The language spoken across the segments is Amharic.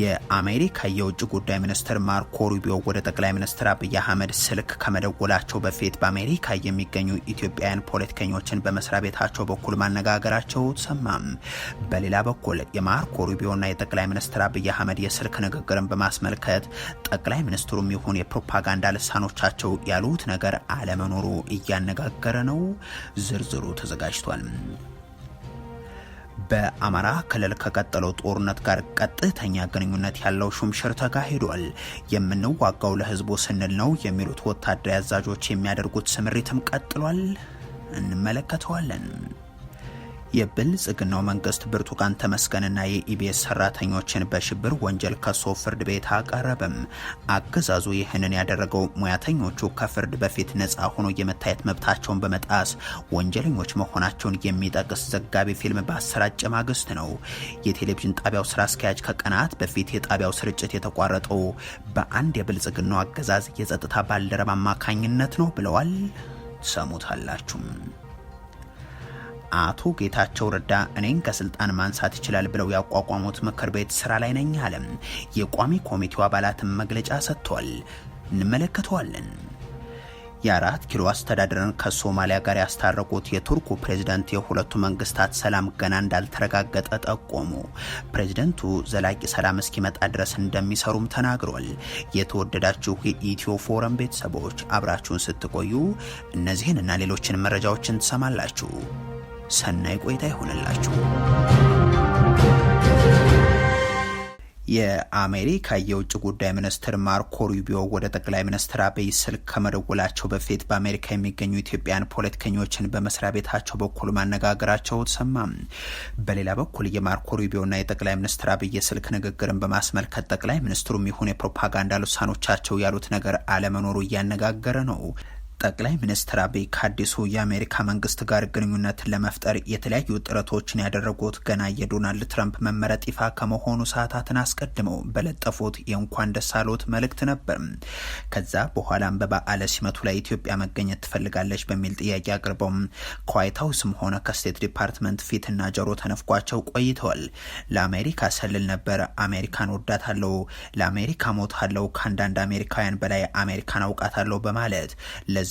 የአሜሪካ የውጭ ጉዳይ ሚኒስትር ማርኮ ሩቢዮ ወደ ጠቅላይ ሚኒስትር አብይ አህመድ ስልክ ከመደወላቸው በፊት በአሜሪካ የሚገኙ ኢትዮጵያውያን ፖለቲከኞችን በመስሪያ ቤታቸው በኩል ማነጋገራቸው ሰማም። በሌላ በኩል የማርኮ ሩቢዮና የጠቅላይ ሚኒስትር አብይ አህመድ የስልክ ንግግርን በማስመልከት ጠቅላይ ሚኒስትሩም ይሁን የፕሮፓጋንዳ ልሳኖቻቸው ያሉት ነገር አለመኖሩ እያነጋገረ ነው። ዝርዝሩ ተዘጋጅቷል። በአማራ ክልል ከቀጠለው ጦርነት ጋር ቀጥተኛ ግንኙነት ያለው ሹምሽር ተካሂዷል። የምንዋጋው ለህዝቡ ስንል ነው የሚሉት ወታደራዊ አዛዦች የሚያደርጉት ስምሪትም ቀጥሏል። እንመለከተዋለን። የብልጽግናው መንግስት ብርቱካን ተመስገንና የኢቢኤስ ሰራተኞችን በሽብር ወንጀል ከሶ ፍርድ ቤት አቀረበም። አገዛዙ ይህንን ያደረገው ሙያተኞቹ ከፍርድ በፊት ነፃ ሆኖ የመታየት መብታቸውን በመጣስ ወንጀለኞች መሆናቸውን የሚጠቅስ ዘጋቢ ፊልም በአሰራጨ ማግስት ነው። የቴሌቪዥን ጣቢያው ስራ አስኪያጅ ከቀናት በፊት የጣቢያው ስርጭት የተቋረጠው በአንድ የብልጽግናው አገዛዝ የጸጥታ ባልደረባ አማካኝነት ነው ብለዋል። ሰሙታላችሁም። አቶ ጌታቸው ረዳ እኔን ከስልጣን ማንሳት ይችላል ብለው ያቋቋሙት ምክር ቤት ስራ ላይ ነኝ አለም። የቋሚ ኮሚቴው አባላትን መግለጫ ሰጥቷል። እንመለከተዋለን። የአራት ኪሎ አስተዳደርን ከሶማሊያ ጋር ያስታረቁት የቱርኩ ፕሬዝደንት የሁለቱ መንግስታት ሰላም ገና እንዳልተረጋገጠ ጠቆሙ። ፕሬዝደንቱ ዘላቂ ሰላም እስኪመጣ ድረስ እንደሚሰሩም ተናግሯል። የተወደዳችሁ የኢትዮ ፎረም ቤተሰቦች አብራችሁን ስትቆዩ እነዚህን እና ሌሎችን መረጃዎችን ትሰማላችሁ። ሰናይ ቆይታ ይሆንላችሁ። የአሜሪካ የውጭ ጉዳይ ሚኒስትር ማርኮ ሩቢዮ ወደ ጠቅላይ ሚኒስትር አብይ ስልክ ከመደወላቸው በፊት በአሜሪካ የሚገኙ ኢትዮጵያን ፖለቲከኞችን በመስሪያ ቤታቸው በኩል ማነጋገራቸው ተሰማ። በሌላ በኩል የማርኮ ሩቢዮና የጠቅላይ ሚኒስትር አብይ ስልክ ንግግርን በማስመልከት ጠቅላይ ሚኒስትሩም ይሁን የፕሮፓጋንዳ ልሳኖቻቸው ያሉት ነገር አለመኖሩ እያነጋገረ ነው። ጠቅላይ ሚኒስትር አብይ ከአዲሱ የአሜሪካ መንግስት ጋር ግንኙነትን ለመፍጠር የተለያዩ ጥረቶችን ያደረጉት ገና የዶናልድ ትራምፕ መመረጥ ይፋ ከመሆኑ ሰዓታትን አስቀድመው በለጠፉት የእንኳን ደስ አሎት መልእክት ነበር። ከዛ በኋላም በበዓለ ሲመቱ ላይ ኢትዮጵያ መገኘት ትፈልጋለች በሚል ጥያቄ አቅርበው ከዋይት ሀውስም ሆነ ከስቴት ዲፓርትመንት ፊትና ጆሮ ተነፍቋቸው ቆይተዋል። ለአሜሪካ ሰልል ነበር፣ አሜሪካን ወዳታለው፣ ለአሜሪካ ሞታለው፣ ከአንዳንድ አሜሪካውያን በላይ አሜሪካን አውቃታለው በማለት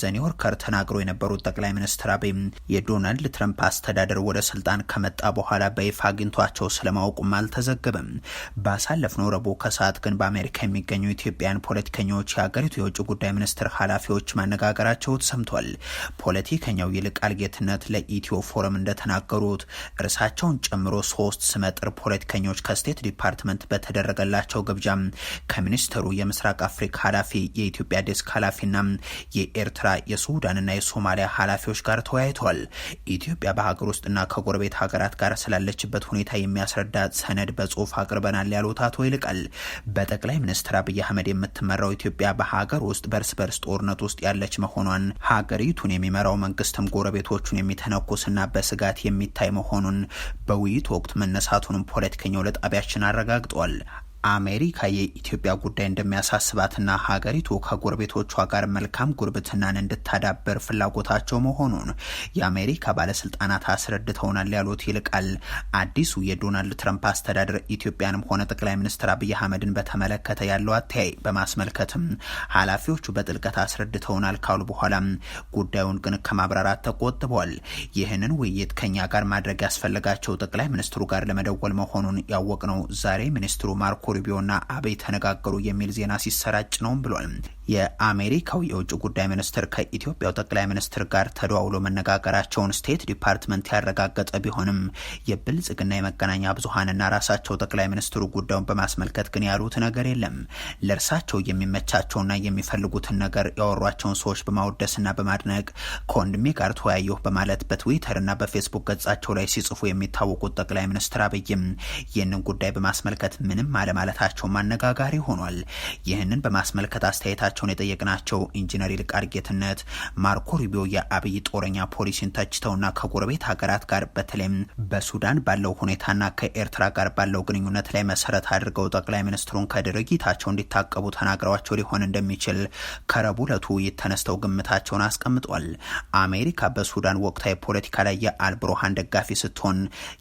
ዘኒወርከር ኒውዮርከር ተናግረው የነበሩት ጠቅላይ ሚኒስትር አብይ የዶናልድ ትረምፕ አስተዳደር ወደ ስልጣን ከመጣ በኋላ በይፋ አግኝቷቸው ስለማወቁም አልተዘገበም። ባሳለፍነው ረቡዕ ከሰዓት ግን በአሜሪካ የሚገኙ ኢትዮጵያን ፖለቲከኞች የሀገሪቱ የውጭ ጉዳይ ሚኒስትር ኃላፊዎች ማነጋገራቸው ተሰምቷል። ፖለቲከኛው ይልቃል ጌትነት ለኢትዮ ፎረም እንደተናገሩት እርሳቸውን ጨምሮ ሶስት ስመጥር ፖለቲከኞች ከስቴት ዲፓርትመንት በተደረገላቸው ግብዣ ከሚኒስትሩ የምስራቅ አፍሪካ ኃላፊ የኢትዮጵያ ዴስክ ኃላፊና የኤርትራ የሱዳንና የሶማሊያ ኃላፊዎች ጋር ተወያይቷል። ኢትዮጵያ በሀገር ውስጥና ከጎረቤት ሀገራት ጋር ስላለችበት ሁኔታ የሚያስረዳ ሰነድ በጽሁፍ አቅርበናል ያሉት አቶ ይልቃል በጠቅላይ ሚኒስትር አብይ አህመድ የምትመራው ኢትዮጵያ በሀገር ውስጥ በርስ በርስ ጦርነት ውስጥ ያለች መሆኗን ሀገሪቱን የሚመራው መንግስትም ጎረቤቶቹን የሚተነኩስና በስጋት የሚታይ መሆኑን በውይይት ወቅት መነሳቱንም ፖለቲከኛው ለጣቢያችን አረጋግጧል። አሜሪካ የኢትዮጵያ ጉዳይ እንደሚያሳስባትና ሀገሪቱ ከጎረቤቶቿ ጋር መልካም ጉርብትናን እንድታዳበር ፍላጎታቸው መሆኑን የአሜሪካ ባለስልጣናት አስረድተውናል ያሉት ይልቃል አዲሱ የዶናልድ ትረምፕ አስተዳደር ኢትዮጵያንም ሆነ ጠቅላይ ሚኒስትር አብይ አህመድን በተመለከተ ያለው አተያይ በማስመልከትም ኃላፊዎቹ በጥልቀት አስረድተውናል ካሉ በኋላ ጉዳዩን ግን ከማብራራት ተቆጥቧል። ይህንን ውይይት ከኛ ጋር ማድረግ ያስፈልጋቸው ጠቅላይ ሚኒስትሩ ጋር ለመደወል መሆኑን ያወቅ ነው ዛሬ ሚኒስትሩ ማርኮ ሩቢዮና አብይ ተነጋገሩ የሚል ዜና ሲሰራጭ ነው ብሏል። የአሜሪካው የውጭ ጉዳይ ሚኒስትር ከኢትዮጵያው ጠቅላይ ሚኒስትር ጋር ተደዋውሎ መነጋገራቸውን ስቴት ዲፓርትመንት ያረጋገጠ ቢሆንም የብልጽግና የመገናኛ ብዙሀንና ራሳቸው ጠቅላይ ሚኒስትሩ ጉዳዩን በማስመልከት ግን ያሉት ነገር የለም። ለእርሳቸው የሚመቻቸውና የሚፈልጉትን ነገር ያወሯቸውን ሰዎች በማወደስና በማድነቅ ከወንድሜ ጋር ተወያየሁ በማለት በትዊተርና በፌስቡክ ገጻቸው ላይ ሲጽፉ የሚታወቁት ጠቅላይ ሚኒስትር አብይም ይህንን ጉዳይ በማስመልከት ምንም አለማ ማለታቸውም አነጋጋሪ ሆኗል። ይህንን በማስመልከት አስተያየታቸውን የጠየቅናቸው ኢንጂነር ይልቃል ጌትነት ማርኮ ሩቢዮ የአብይ ጦረኛ ፖሊሲን ተችተውና ከጎረቤት ሀገራት ጋር በተለይም በሱዳን ባለው ሁኔታና ከኤርትራ ጋር ባለው ግንኙነት ላይ መሰረት አድርገው ጠቅላይ ሚኒስትሩን ከድርጊታቸው እንዲታቀቡ ተናግረዋቸው ሊሆን እንደሚችል ከረቡዕ ዕለቱ ውይይት ተነስተው ግምታቸውን አስቀምጧል። አሜሪካ በሱዳን ወቅታዊ ፖለቲካ ላይ የአልብሮሃን ደጋፊ ስትሆን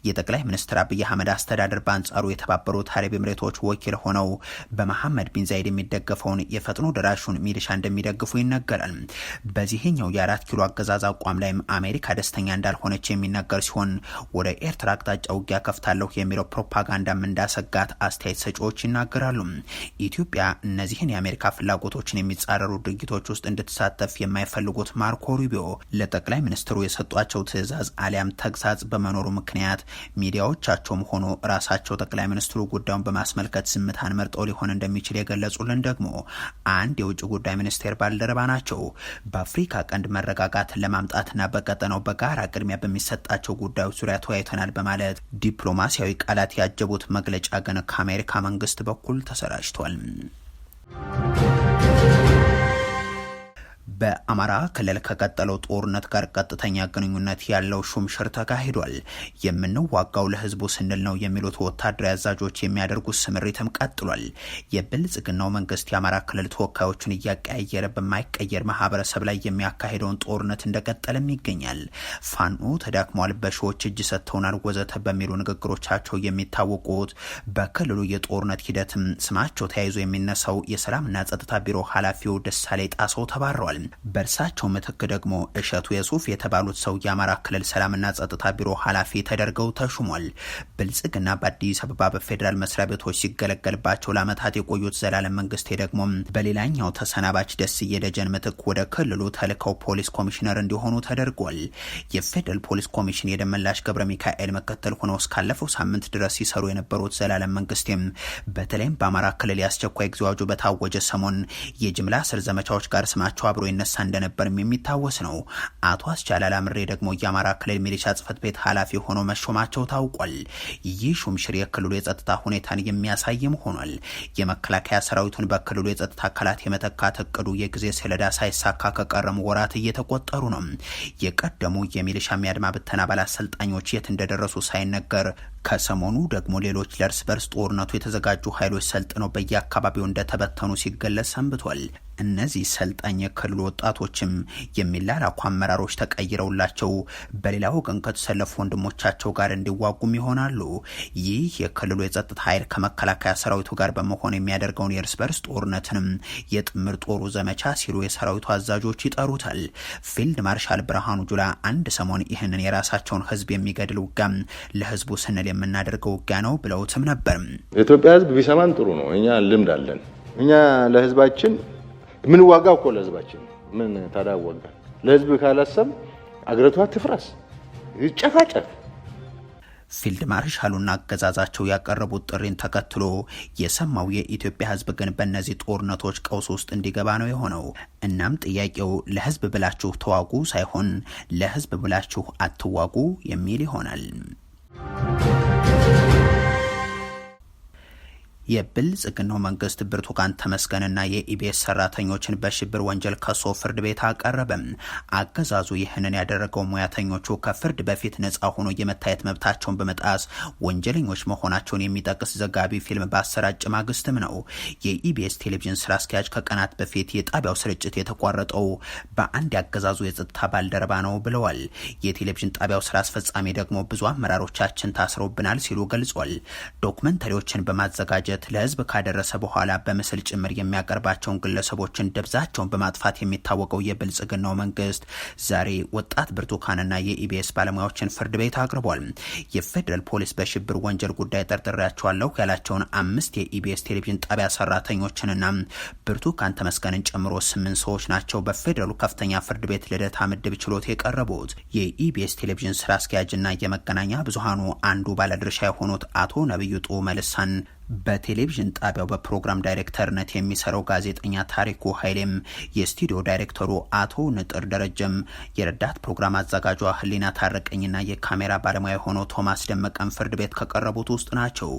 የጠቅላይ ሚኒስትር አብይ አህመድ አስተዳደር በአንጻሩ የተባበሩት አረብ ኤምሬቶች ወኪል ሆነው በመሐመድ ቢን ዛይድ የሚደገፈውን የፈጥኖ ደራሹን ሚሊሻ እንደሚደግፉ ይነገራል። በዚህኛው የአራት ኪሎ አገዛዝ አቋም ላይም አሜሪካ ደስተኛ እንዳልሆነች የሚነገር ሲሆን ወደ ኤርትራ አቅጣጫ ውጊያ ከፍታለሁ የሚለው ፕሮፓጋንዳም እንዳሰጋት አስተያየት ሰጪዎች ይናገራሉ። ኢትዮጵያ እነዚህን የአሜሪካ ፍላጎቶችን የሚጻረሩ ድርጊቶች ውስጥ እንድትሳተፍ የማይፈልጉት ማርኮ ሩቢዮ ለጠቅላይ ሚኒስትሩ የሰጧቸው ትዕዛዝ አሊያም ተግሳጽ በመኖሩ ምክንያት ሚዲያዎቻቸውም ሆኖ ራሳቸው ጠቅላይ ሚኒስትሩ ጉዳዩን በማስመልከት በርቀት ዝምታን መርጦ ሊሆን እንደሚችል የገለጹልን ደግሞ አንድ የውጭ ጉዳይ ሚኒስቴር ባልደረባ ናቸው። በአፍሪካ ቀንድ መረጋጋት ለማምጣትና በቀጠናው በጋራ ቅድሚያ በሚሰጣቸው ጉዳዮች ዙሪያ ተወያይተናል በማለት ዲፕሎማሲያዊ ቃላት ያጀቡት መግለጫ ግን ከአሜሪካ መንግስት በኩል ተሰራጭቷል። በአማራ ክልል ከቀጠለው ጦርነት ጋር ቀጥተኛ ግንኙነት ያለው ሹምሽር ተካሂዷል። የምንዋጋው ለህዝቡ ስንል ነው የሚሉት ወታደራዊ አዛዦች የሚያደርጉት ስምሪትም ቀጥሏል። የብልጽግናው መንግስት የአማራ ክልል ተወካዮችን እያቀያየረ በማይቀየር ማህበረሰብ ላይ የሚያካሄደውን ጦርነት እንደቀጠለም ይገኛል። ፋኖ ተዳክሟል፣ በሺዎች እጅ ሰጥተውናል፣ ወዘተ በሚሉ ንግግሮቻቸው የሚታወቁት በክልሉ የጦርነት ሂደትም ስማቸው ተያይዞ የሚነሳው የሰላምና ጸጥታ ቢሮ ኃላፊው ደሳሌ ጣሰው ተባረዋል። በእርሳቸው ምትክ ደግሞ እሸቱ የሱፍ የተባሉት ሰው የአማራ ክልል ሰላምና ጸጥታ ቢሮ ኃላፊ ተደርገው ተሹሟል። ብልጽግና በአዲስ አበባ በፌዴራል መስሪያ ቤቶች ሲገለገልባቸው ለአመታት የቆዩት ዘላለም መንግስቴ ደግሞ በሌላኛው ተሰናባች ደስዬ ደጀን ምትክ ወደ ክልሉ ተልከው ፖሊስ ኮሚሽነር እንዲሆኑ ተደርጓል። የፌዴራል ፖሊስ ኮሚሽን የደመላሽ ገብረ ሚካኤል ምክትል ሆነው እስካለፈው ሳምንት ድረስ ሲሰሩ የነበሩት ዘላለም መንግስቴም በተለይም በአማራ ክልል የአስቸኳይ ጊዜ አዋጁ በታወጀ ሰሞን የጅምላ ስር ዘመቻዎች ጋር ስማቸው አብሮ ይነሳ እንደነበርም የሚታወስ ነው። አቶ አስቻለ አላምሬ ደግሞ የአማራ ክልል ሚሊሻ ጽህፈት ቤት ኃላፊ ሆኖ መሾማቸው ታውቋል። ይህ ሹምሽር የክልሉ የጸጥታ ሁኔታን የሚያሳይም ሆኗል። የመከላከያ ሰራዊቱን በክልሉ የጸጥታ አካላት የመተካት እቅዱ የጊዜ ሰሌዳ ሳይሳካ ከቀረሙ ወራት እየተቆጠሩ ነው። የቀደሙ የሚሊሻ የአድማ ብተና አባል አሰልጣኞች የት እንደደረሱ ሳይነገር ከሰሞኑ ደግሞ ሌሎች ለእርስ በርስ ጦርነቱ የተዘጋጁ ኃይሎች ሰልጥነው በየአካባቢው እንደተበተኑ ሲገለጽ ሰንብቷል። እነዚህ ሰልጣኝ የክልሉ ወጣቶችም የሚላላኩ አመራሮች ተቀይረውላቸው በሌላ ወገን ከተሰለፉ ወንድሞቻቸው ጋር እንዲዋጉም ይሆናሉ። ይህ የክልሉ የጸጥታ ኃይል ከመከላከያ ሰራዊቱ ጋር በመሆን የሚያደርገውን የእርስ በርስ ጦርነትንም የጥምር ጦሩ ዘመቻ ሲሉ የሰራዊቱ አዛዦች ይጠሩታል። ፊልድ ማርሻል ብርሃኑ ጁላ አንድ ሰሞን ይህንን የራሳቸውን ህዝብ የሚገድል ውጋም ለህዝቡ ስንል የምናደርገው ውጋ ነው ብለውትም ነበር። የኢትዮጵያ ህዝብ ቢሰማን ጥሩ ነው። እኛ ልምድ አለን። እኛ ለህዝባችን ምን ዋጋ እኮ ለህዝባችን ምን ታዳወቀ። ለህዝብ ካላሰም አገሪቷ ትፍረስ፣ ይጨፋጨፍ። ፊልድ ማርሻሉና አገዛዛቸው ያቀረቡት ጥሪን ተከትሎ የሰማው የኢትዮጵያ ህዝብ ግን በእነዚህ ጦርነቶች ቀውስ ውስጥ እንዲገባ ነው የሆነው። እናም ጥያቄው ለህዝብ ብላችሁ ተዋጉ ሳይሆን ለህዝብ ብላችሁ አትዋጉ የሚል ይሆናል። የብልጽግናው መንግስት ብርቱካን ተመስገንና የኢቢኤስ ሰራተኞችን በሽብር ወንጀል ከሶ ፍርድ ቤት አቀረበም። አገዛዙ ይህንን ያደረገው ሙያተኞቹ ከፍርድ በፊት ነጻ ሆኖ የመታየት መብታቸውን በመጣስ ወንጀለኞች መሆናቸውን የሚጠቅስ ዘጋቢ ፊልም በአሰራጭ ማግስትም ነው። የኢቢኤስ ቴሌቪዥን ስራ አስኪያጅ ከቀናት በፊት የጣቢያው ስርጭት የተቋረጠው በአንድ ያገዛዙ የጸጥታ ባልደረባ ነው ብለዋል። የቴሌቪዥን ጣቢያው ስራ አስፈጻሚ ደግሞ ብዙ አመራሮቻችን ታስረውብናል ሲሉ ገልጿል። ዶክመንተሪዎችን በማዘጋጀት በማለት ለህዝብ ካደረሰ በኋላ በምስል ጭምር የሚያቀርባቸውን ግለሰቦችን ደብዛቸውን በማጥፋት የሚታወቀው የብልጽግናው መንግስት ዛሬ ወጣት ብርቱካንና የኢቢኤስ ባለሙያዎችን ፍርድ ቤት አቅርቧል። የፌዴራል ፖሊስ በሽብር ወንጀል ጉዳይ ጠርጥሬያቸዋለሁ ያላቸውን አምስት የኢቢኤስ ቴሌቪዥን ጣቢያ ሰራተኞችንና ብርቱካን ተመስገንን ጨምሮ ስምንት ሰዎች ናቸው በፌዴራሉ ከፍተኛ ፍርድ ቤት ልደታ ምድብ ችሎት የቀረቡት። የኢቢኤስ ቴሌቪዥን ስራ አስኪያጅና የመገናኛ ብዙሃኑ አንዱ ባለድርሻ የሆኑት አቶ ነብዩ ጡ መልሳን በቴሌቪዥን ጣቢያው በፕሮግራም ዳይሬክተርነት የሚሰራው ጋዜጠኛ ታሪኩ ኃይሌም የስቱዲዮ ዳይሬክተሩ አቶ ንጥር ደረጀም የረዳት ፕሮግራም አዘጋጇ ህሊና ታረቀኝና የካሜራ ባለሙያ የሆነው ቶማስ ደመቀን ፍርድ ቤት ከቀረቡት ውስጥ ናቸው።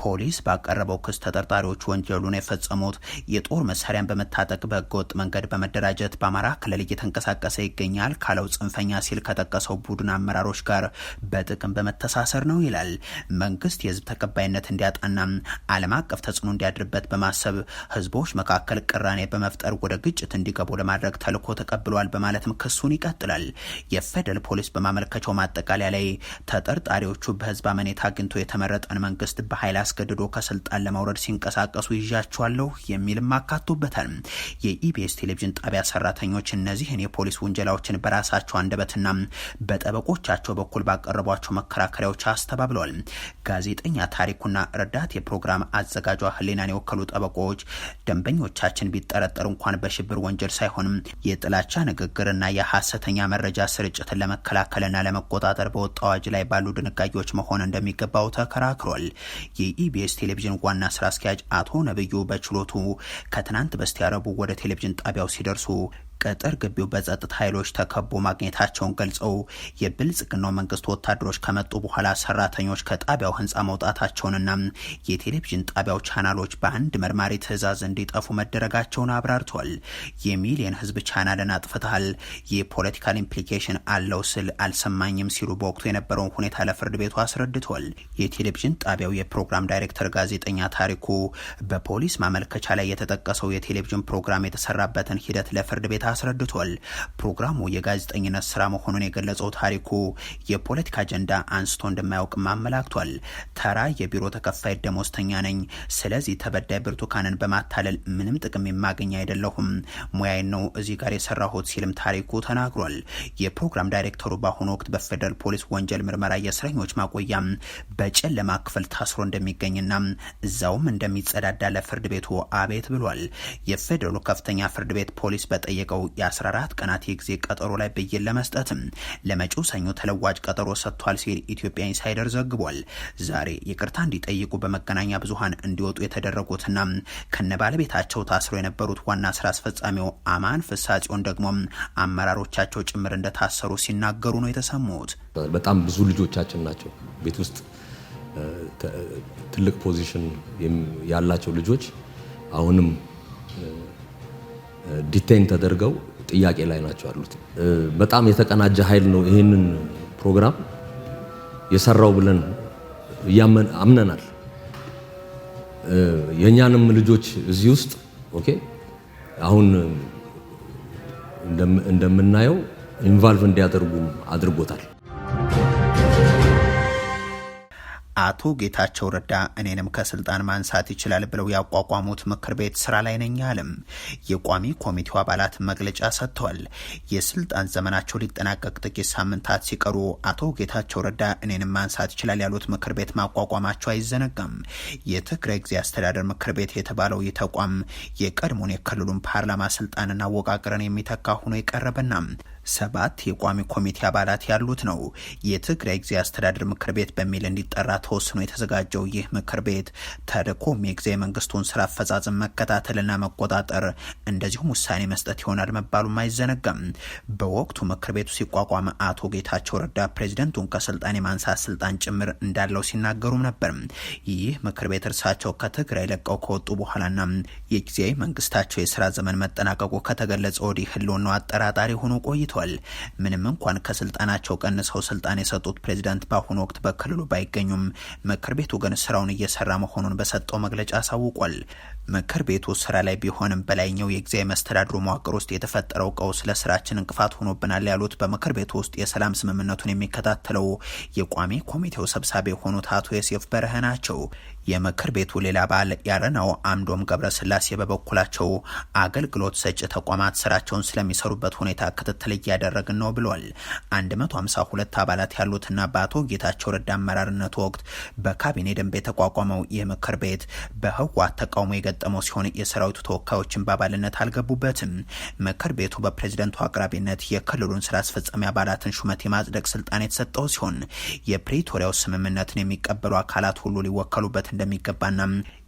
ፖሊስ ባቀረበው ክስ ተጠርጣሪዎች ወንጀሉን የፈጸሙት የጦር መሳሪያን በመታጠቅ በህገወጥ መንገድ በመደራጀት በአማራ ክልል እየተንቀሳቀሰ ይገኛል ካለው ጽንፈኛ ሲል ከጠቀሰው ቡድን አመራሮች ጋር በጥቅም በመተሳሰር ነው ይላል። መንግስት የህዝብ ተቀባይነት እንዲያጣና ዓለም አቀፍ ተጽዕኖ እንዲያድርበት በማሰብ ህዝቦች መካከል ቅራኔ በመፍጠር ወደ ግጭት እንዲገቡ ለማድረግ ተልኮ ተቀብሏል በማለትም ክሱን ይቀጥላል። የፌደራል ፖሊስ በማመልከቻው ማጠቃለያ ላይ ተጠርጣሪዎቹ በህዝብ አመኔታ አግኝቶ የተመረጠን መንግስት በኃይል አስገድዶ ከስልጣን ለማውረድ ሲንቀሳቀሱ ይዣቸዋለሁ የሚልም አካቶበታል። የኢቢኤስ ቴሌቪዥን ጣቢያ ሰራተኞች እነዚህን የፖሊስ ውንጀላዎችን በራሳቸው አንደበትና በጠበቆቻቸው በኩል ባቀረቧቸው መከራከሪያዎች አስተባብለዋል። ጋዜጠኛ ታሪኩና ረዳት የፕሮ ፕሮግራም አዘጋጇ ህሊናን የወከሉ ጠበቆች ደንበኞቻችን ቢጠረጠሩ እንኳን በሽብር ወንጀል ሳይሆንም የጥላቻ ንግግርና የሐሰተኛ መረጃ ስርጭትን ለመከላከልና ለመቆጣጠር በወጣ አዋጅ ላይ ባሉ ድንጋጌዎች መሆን እንደሚገባው ተከራክሯል። የኢቢኤስ ቴሌቪዥን ዋና ስራ አስኪያጅ አቶ ነብዩ በችሎቱ ከትናንት በስቲያ ረቡዕ ወደ ቴሌቪዥን ጣቢያው ሲደርሱ ቅጥር ግቢው በጸጥታ ኃይሎች ተከቦ ማግኘታቸውን ገልጸው የብልጽግናው መንግስት ወታደሮች ከመጡ በኋላ ሰራተኞች ከጣቢያው ህንፃ መውጣታቸውንና የቴሌቪዥን ጣቢያው ቻናሎች በአንድ መርማሪ ትዕዛዝ እንዲጠፉ መደረጋቸውን አብራርቷል። የሚሊየን ህዝብ ቻናልን አጥፍተሃል፣ የፖለቲካል ኢምፕሊኬሽን አለው ስል አልሰማኝም ሲሉ በወቅቱ የነበረውን ሁኔታ ለፍርድ ቤቱ አስረድቷል። የቴሌቪዥን ጣቢያው የፕሮግራም ዳይሬክተር ጋዜጠኛ ታሪኩ በፖሊስ ማመልከቻ ላይ የተጠቀሰው የቴሌቪዥን ፕሮግራም የተሰራበትን ሂደት ለፍርድ ቤት አስረድቷል። ፕሮግራሙ የጋዜጠኝነት ስራ መሆኑን የገለጸው ታሪኩ የፖለቲካ አጀንዳ አንስቶ እንደማያውቅም አመላክቷል። ተራ የቢሮ ተከፋይ ደሞዝተኛ ነኝ፣ ስለዚህ ተበዳይ ብርቱካንን በማታለል ምንም ጥቅም የማገኝ አይደለሁም፣ ሙያዬን ነው እዚህ ጋር የሰራሁት ሲልም ታሪኩ ተናግሯል። የፕሮግራም ዳይሬክተሩ በአሁኑ ወቅት በፌደራል ፖሊስ ወንጀል ምርመራ የእስረኞች ማቆያ በጨለማ ክፍል ታስሮ እንደሚገኝና እዛውም እንደሚጸዳዳ ለፍርድ ቤቱ አቤት ብሏል። የፌደራሉ ከፍተኛ ፍርድ ቤት ፖሊስ በጠየቀው በተሰጠው የ14 ቀናት የጊዜ ቀጠሮ ላይ ብይን ለመስጠት ለመጪው ሰኞ ተለዋጭ ቀጠሮ ሰጥቷል ሲል ኢትዮጵያ ኢንሳይደር ዘግቧል። ዛሬ ይቅርታ እንዲጠይቁ በመገናኛ ብዙሃን እንዲወጡ የተደረጉትና ከነ ባለቤታቸው ታስረው የነበሩት ዋና ስራ አስፈጻሚው አማን ፍሳጽዮን ደግሞ አመራሮቻቸው ጭምር እንደታሰሩ ሲናገሩ ነው የተሰሙት። በጣም ብዙ ልጆቻችን ናቸው ቤት ውስጥ ትልቅ ፖዚሽን ያላቸው ልጆች አሁንም ዲቴን ተደርገው ጥያቄ ላይ ናቸው ያሉት። በጣም የተቀናጀ ኃይል ነው ይህንን ፕሮግራም የሰራው ብለን አምነናል። የእኛንም ልጆች እዚህ ውስጥ ኦኬ አሁን እንደምናየው ኢንቫልቭ እንዲያደርጉም አድርጎታል። አቶ ጌታቸው ረዳ እኔንም ከስልጣን ማንሳት ይችላል ብለው ያቋቋሙት ምክር ቤት ስራ ላይ ነኝ አለም። የቋሚ ኮሚቴው አባላት መግለጫ ሰጥተዋል። የስልጣን ዘመናቸው ሊጠናቀቅ ጥቂት ሳምንታት ሲቀሩ አቶ ጌታቸው ረዳ እኔንም ማንሳት ይችላል ያሉት ምክር ቤት ማቋቋማቸው አይዘነጋም። የትግራይ ጊዜ አስተዳደር ምክር ቤት የተባለው ይህ ተቋም የቀድሞን የክልሉን ፓርላማ ስልጣንና አወቃቀርን የሚተካ ሆኖ የቀረበና ሰባት የቋሚ ኮሚቴ አባላት ያሉት ነው። የትግራይ ጊዜ አስተዳደር ምክር ቤት በሚል እንዲጠራ ተወስኖ የተዘጋጀው ይህ ምክር ቤት ተልዕኮም የጊዜ መንግስቱን ስራ አፈጻጽም መከታተልና መቆጣጠር እንደዚሁም ውሳኔ መስጠት ይሆናል መባሉም አይዘነጋም። በወቅቱ ምክር ቤቱ ሲቋቋም አቶ ጌታቸው ረዳ ፕሬዚደንቱን ከስልጣን የማንሳት ስልጣን ጭምር እንዳለው ሲናገሩም ነበር። ይህ ምክር ቤት እርሳቸው ከትግራይ ለቀው ከወጡ በኋላና የጊዜያዊ መንግስታቸው የስራ ዘመን መጠናቀቁ ከተገለጸ ወዲህ ህልውናው አጠራጣሪ ሆኖ ቆይቷል። ቆይቷል። ምንም እንኳን ከስልጣናቸው ቀንሰው ስልጣን የሰጡት ፕሬዚዳንት በአሁኑ ወቅት በክልሉ ባይገኙም ምክር ቤቱ ግን ስራውን እየሰራ መሆኑን በሰጠው መግለጫ አሳውቋል። ምክር ቤቱ ስራ ላይ ቢሆንም በላይኛው የጊዜያዊ መስተዳድሩ መዋቅር ውስጥ የተፈጠረው ቀውስ ለስራችን እንቅፋት ሆኖብናል ያሉት በምክር ቤቱ ውስጥ የሰላም ስምምነቱን የሚከታተለው የቋሚ ኮሚቴው ሰብሳቢ የሆኑት አቶ የሴፍ በርህ ናቸው። የምክር ቤቱ ሌላ አባል ያረናው አምዶም ገብረስላሴ በበኩላቸው አገልግሎት ሰጪ ተቋማት ስራቸውን ስለሚሰሩበት ሁኔታ ክትትል እያደረግን ነው ብሏል። 152 አባላት ያሉትና በአቶ ጌታቸው ረዳ አመራርነት ወቅት በካቢኔ ደንብ የተቋቋመው ይህ ምክር ቤት በህወሓት ተቃውሞ የገጠመው ሲሆን የሰራዊቱ ተወካዮችን በአባልነት አልገቡበትም። ምክር ቤቱ በፕሬዝደንቱ አቅራቢነት የክልሉን ስራ አስፈጻሚ አባላትን ሹመት የማጽደቅ ስልጣን የተሰጠው ሲሆን የፕሪቶሪያው ስምምነትን የሚቀበሉ አካላት ሁሉ ሊወከሉበት እንደሚገባና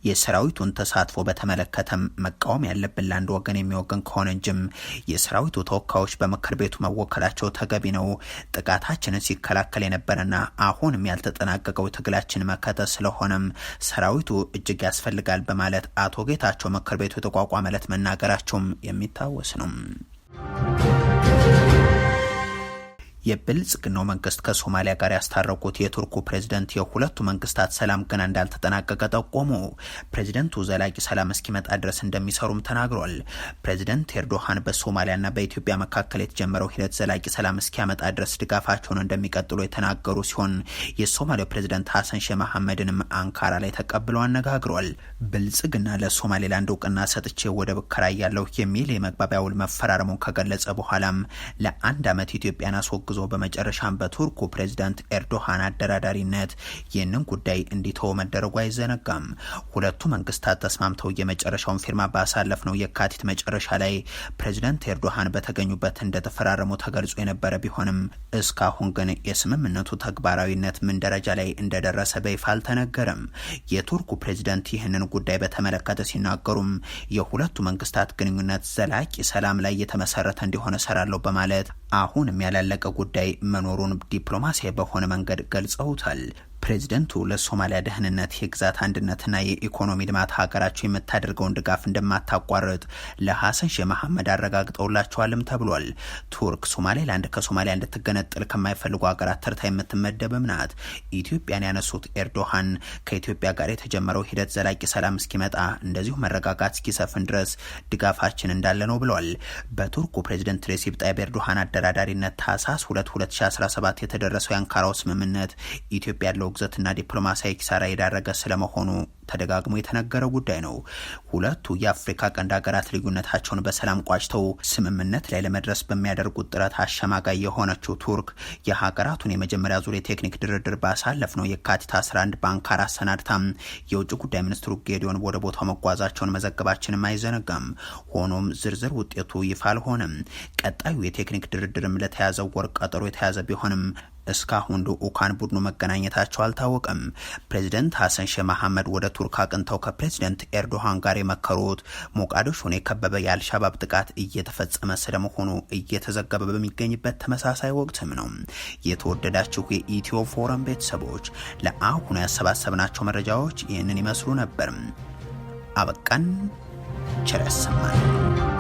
የሰራዊቱን ተሳትፎ በተመለከተ መቃወም ያለብን ለአንድ ወገን የሚወገን ከሆነ እንጂም የሰራዊቱ ተወካዮች በምክር ቤቱ መወከላቸው ተገቢ ነው። ጥቃታችንን ሲከላከል የነበረና አሁንም ያልተጠናቀቀው ትግላችን መከተ ስለሆነም ሰራዊቱ እጅግ ያስፈልጋል በማለት አቶ ጌታቸው ምክር ቤቱ የተቋቋመለት መናገራቸውም የሚታወስ ነው። የብልጽግናው መንግስት ከሶማሊያ ጋር ያስታረቁት የቱርኩ ፕሬዝደንት የሁለቱ መንግስታት ሰላም ገና እንዳልተጠናቀቀ ጠቆሙ። ፕሬዝደንቱ ዘላቂ ሰላም እስኪመጣ ድረስ እንደሚሰሩም ተናግሯል። ፕሬዝደንት ኤርዶሃን በሶማሊያና በኢትዮጵያ መካከል የተጀመረው ሂደት ዘላቂ ሰላም እስኪያመጣ ድረስ ድጋፋቸውን እንደሚቀጥሉ የተናገሩ ሲሆን የሶማሊያው ፕሬዝደንት ሀሰን ሼህ መሐመድንም አንካራ ላይ ተቀብሎ አነጋግሯል። ብልጽግና ለሶማሌላንድ እውቅና ሰጥቼ ወደብ እከራያለሁ የሚል የመግባቢያ ውል መፈራረሙን ከገለጸ በኋላም ለአንድ ዓመት ኢትዮጵያን አስወግ ጉዞ በመጨረሻም በቱርኩ ፕሬዚዳንት ኤርዶሃን አደራዳሪነት ይህንን ጉዳይ እንዲተው መደረጉ አይዘነጋም። ሁለቱ መንግስታት ተስማምተው የመጨረሻውን ፊርማ ባሳለፍ ነው የካቲት መጨረሻ ላይ ፕሬዚዳንት ኤርዶሃን በተገኙበት እንደተፈራረሙ ተገልጾ የነበረ ቢሆንም እስካሁን ግን የስምምነቱ ተግባራዊነት ምን ደረጃ ላይ እንደደረሰ በይፋ አልተነገረም። የቱርኩ ፕሬዚደንት ይህንን ጉዳይ በተመለከተ ሲናገሩም የሁለቱ መንግስታት ግንኙነት ዘላቂ ሰላም ላይ የተመሰረተ እንዲሆነ ሰራለሁ በማለት አሁንም ያላለቀ ጉዳይ መኖሩን ዲፕሎማሲያዊ በሆነ መንገድ ገልጸውታል። ፕሬዚደንቱ ለሶማሊያ ደህንነት፣ የግዛት አንድነትና የኢኮኖሚ ልማት ሀገራቸው የምታደርገውን ድጋፍ እንደማታቋርጥ ለሐሰን ሼህ መሐመድ አረጋግጠውላቸዋልም ተብሏል። ቱርክ ሶማሌላንድ ከሶማሊያ እንድትገነጥል ከማይፈልጉ ሀገራት ተርታ የምትመደብም ናት። ኢትዮጵያን ያነሱት ኤርዶሃን ከኢትዮጵያ ጋር የተጀመረው ሂደት ዘላቂ ሰላም እስኪመጣ እንደዚሁ መረጋጋት እስኪሰፍን ድረስ ድጋፋችን እንዳለ ነው ብለዋል። በቱርኩ ፕሬዚደንት ሬሲፕ ጣይብ ኤርዶሃን አደራዳሪነት ታህሳስ 2 2017 የተደረሰው የአንካራው ስምምነት ኢትዮጵያ ያለው ውግዘትና ዲፕሎማሲያዊ ኪሳራ የዳረገ ስለመሆኑ ተደጋግሞ የተነገረው ጉዳይ ነው። ሁለቱ የአፍሪካ ቀንድ ሀገራት ልዩነታቸውን በሰላም ቋጭተው ስምምነት ላይ ለመድረስ በሚያደርጉት ጥረት አሸማጋይ የሆነችው ቱርክ የሀገራቱን የመጀመሪያ ዙር የቴክኒክ ድርድር ነው የካቲት 11 በአንካራ አሰናድታ የውጭ ጉዳይ ሚኒስትሩ ጌዲዮን ወደ ቦታው መጓዛቸውን መዘገባችንም አይዘነጋም። ሆኖም ዝርዝር ውጤቱ ይፋ አልሆነም። ቀጣዩ የቴክኒክ ድርድርም ለተያዘው ወር ቀጠሮ የተያዘ ቢሆንም እስካሁን ልዑካን ቡድኑ መገናኘታቸው አልታወቀም። ፕሬዚደንት ሀሰን ሼህ መሐመድ ወደ ቱርክ አቅንተው ከፕሬዚደንት ኤርዶሃን ጋር የመከሩት ሞቃዲሾን የከበበ የአልሻባብ ጥቃት እየተፈጸመ ስለመሆኑ እየተዘገበ በሚገኝበት ተመሳሳይ ወቅትም ነው። የተወደዳችሁ የኢትዮ ፎረም ቤተሰቦች ለአሁኑ ያሰባሰብናቸው መረጃዎች ይህንን ይመስሉ ነበር። አበቃን። ቸር ያሰማን።